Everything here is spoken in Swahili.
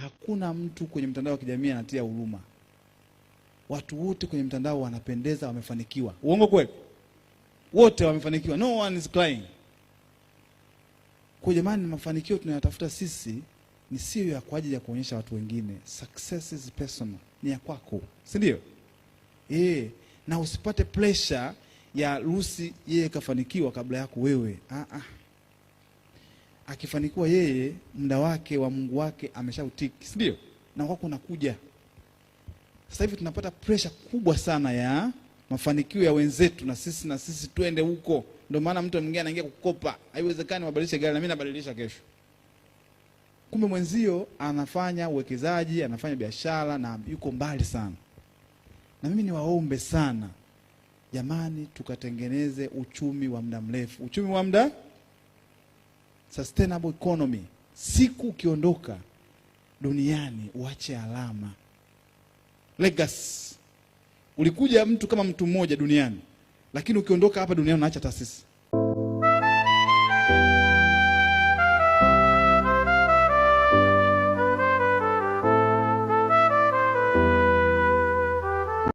hakuna mtu kwenye mtandao wa kijamii anatia huruma. Watu wote kwenye mtandao wanapendeza, wamefanikiwa. Uongo kweli? Wote wamefanikiwa, no one is crying. Kwa jamani, mafanikio tunayotafuta sisi ni sio ya kwa ajili ya kuonyesha watu wengine. Success is personal, ni ya kwako, si ndio? Eh, na usipate pressure ya Lucy, yeye kafanikiwa kabla yako wewe. Ah ah akifanikiwa yeye, muda wake wa Mungu wake ameshautiki, si ndio? Na kwako unakuja. Sasa hivi tunapata pressure kubwa sana ya mafanikio ya wenzetu, na sisi na sisi twende huko. Ndio maana mtu mwingine anaingia kukopa, haiwezekani wabadilishe gari na mimi nabadilisha kesho. Kumbe mwenzio anafanya uwekezaji, anafanya biashara na yuko mbali sana. Na mimi niwaombe sana jamani, tukatengeneze uchumi wa muda mrefu, uchumi wa muda sustainable economy. Siku ukiondoka duniani uache alama, legacy. Ulikuja mtu kama mtu mmoja duniani, lakini ukiondoka hapa duniani unaacha taasisi.